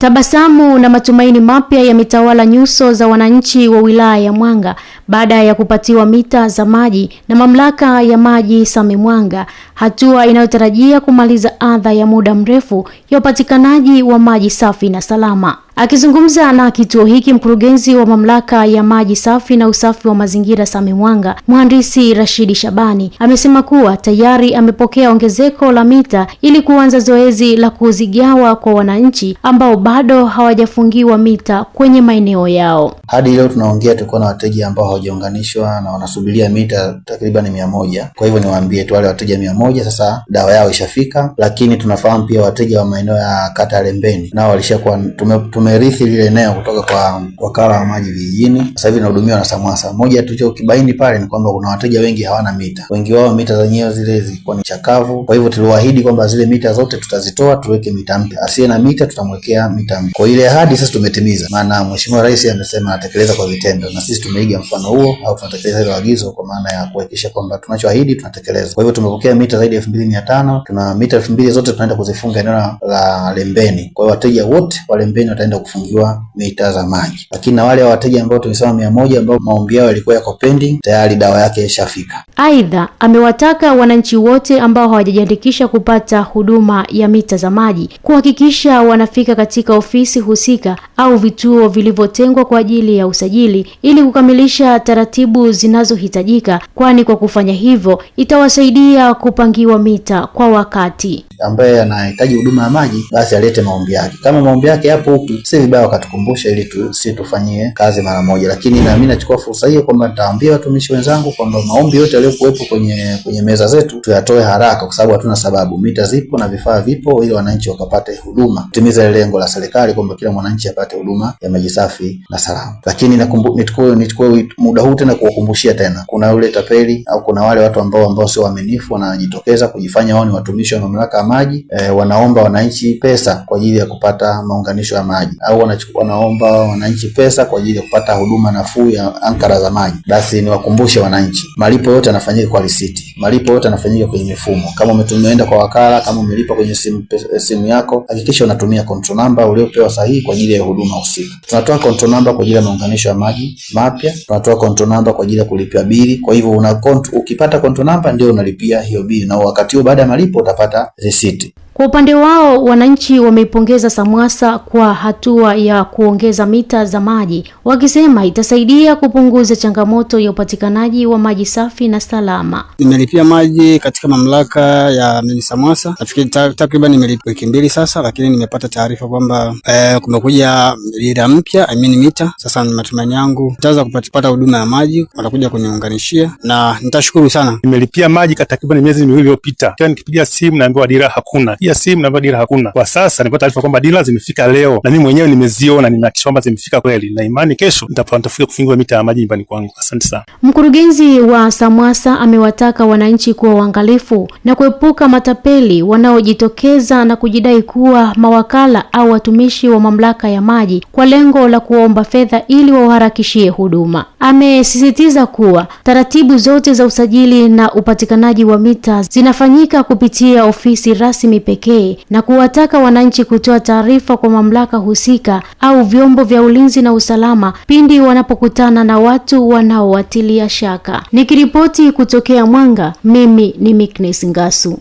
Tabasamu na matumaini mapya yametawala nyuso za wananchi wa wilaya ya Mwanga baada ya kupatiwa mita za maji na mamlaka ya maji Same Mwanga, hatua inayotarajia kumaliza adha ya muda mrefu ya upatikanaji wa maji safi na salama. Akizungumza na kituo hiki, mkurugenzi wa mamlaka ya maji safi na usafi wa mazingira Same Mwanga, mhandisi Rashidi Shabani amesema kuwa tayari amepokea ongezeko la mita ili kuanza zoezi la kuzigawa kwa wananchi ambao bado hawajafungiwa mita kwenye maeneo yao. Hadi leo tunaongea, tulikuwa na wateja ambao hawajaunganishwa na wanasubiria mita takriban mia moja. Kwa hivyo niwaambie tu wale wateja mia moja sasa dawa yao ishafika, lakini tunafahamu pia wateja wa maeneo ya kata ya Lembeni nao walishakuwa tumerithi lile eneo kutoka kwa wakala wa maji vijijini. Sasa hivi inahudumiwa na SAMWASA. Moja tulichokibaini pale ni kwamba kuna wateja wengi hawana mita, wengi wao mita zenyewe zile zilikuwa ni chakavu. Kwa hivyo tuliwaahidi kwamba zile mita zote tutazitoa, tuweke mita mpya. Asiye na mita tutamwekea mita mpya. Kwa ile ahadi sasa tumetimiza, maana Mheshimiwa Rais amesema anatekeleza kwa vitendo, na sisi tumeiga mfano huo au tunatekeleza ile agizo, kwa maana ya kuhakikisha kwamba tunachoahidi tunatekeleza. Kwa hivyo tumepokea mita zaidi ya elfu mbili mia tano. Tuna mita elfu mbili zote tunaenda kuzifunga eneo la Lembeni, kwa hiyo wateja wote wa Lembeni wataenda wataenda kufungiwa mita za maji. Lakini na wale wateja ambao tulisema mia moja ambao maombi yao yalikuwa yako pending, tayari dawa yake ishafika. Aidha, amewataka wananchi wote ambao hawajajiandikisha kupata huduma ya mita za maji kuhakikisha wanafika katika ofisi husika au vituo vilivyotengwa kwa ajili ya usajili ili kukamilisha taratibu zinazohitajika, kwani kwa kufanya hivyo itawasaidia kupangiwa mita kwa wakati. Ambaye anahitaji huduma ya maji basi alete maombi yake. Kama maombi yake yapo huku si vibaya wakatukumbusha ili tu, si tufanyie kazi mara moja. Lakini na mimi nachukua fursa hiyo kwamba nitaambia watumishi wenzangu kwamba maombi yote yaliyokuwepo kwenye, kwenye meza zetu tuyatoe haraka, kwa sababu hatuna sababu. Mita zipo na vifaa vipo, ili wananchi wakapate huduma, timiza ile lengo la serikali kwamba kila mwananchi apate huduma ya maji safi na salama. Lakini nichukue muda huu tena kuwakumbushia tena, kuna yule tapeli au kuna wale watu ambao ambao sio waaminifu, wanajitokeza kujifanya wao ni watumishi wa mamlaka ya maji e, wanaomba wananchi pesa kwa ajili ya kupata maunganisho ya maji maji au wanaomba wananchi pesa kwa ajili ya kupata huduma nafuu ya ankara za maji, basi niwakumbushe wananchi, malipo yote yanafanyika kwa risiti, malipo yote yanafanyika kwenye mifumo. Kama umeenda kwa wakala, kama umelipa kwenye simu, simu yako, hakikisha unatumia control number uliopewa sahihi kwa ajili ya huduma husika. Tunatoa control number kwa ajili ya maunganisho ya maji mapya, tunatoa control number kwa ajili ya kulipia bili. Kwa hivyo una ukipata control number ndio unalipia hiyo bili, na wakati huo baada ya malipo utapata risiti. Kwa upande wao wananchi wameipongeza SAMWASA kwa hatua ya kuongeza mita za maji, wakisema itasaidia kupunguza changamoto ya upatikanaji wa maji safi na salama. Nimelipia maji katika mamlaka ya mini SAMWASA, nafikiri takriban nimelipia wiki mbili sasa, lakini nimepata taarifa kwamba eh, kumekuja dira mpya I mean mita. Sasa ni matumaini yangu nitaweza kupata huduma ya maji, watakuja kuniunganishia na nitashukuru sana. Nimelipia maji takriban miezi miwili iliyopita, nikipiga simu naambiwa dira hakuna nimepiga simu naambiwa dira hakuna kwa sasa. Nilipata taarifa kwamba dira zimefika leo na mimi mwenyewe nimeziona, nimehakikisha kwamba zimefika kweli, na imani kesho nitafika kufungiwa mita ya maji nyumbani kwangu. Asante sana. Mkurugenzi wa SAMWASA amewataka wananchi kuwa waangalifu na kuepuka matapeli wanaojitokeza na kujidai kuwa mawakala au watumishi wa mamlaka ya maji kwa lengo la kuomba fedha ili waharakishie huduma. Amesisitiza kuwa taratibu zote za usajili na upatikanaji wa mita zinafanyika kupitia ofisi rasmi pekee pekee na kuwataka wananchi kutoa taarifa kwa mamlaka husika au vyombo vya ulinzi na usalama pindi wanapokutana na watu wanaowatilia shaka. Nikiripoti kutokea Mwanga, mimi ni Miknes Ngasu.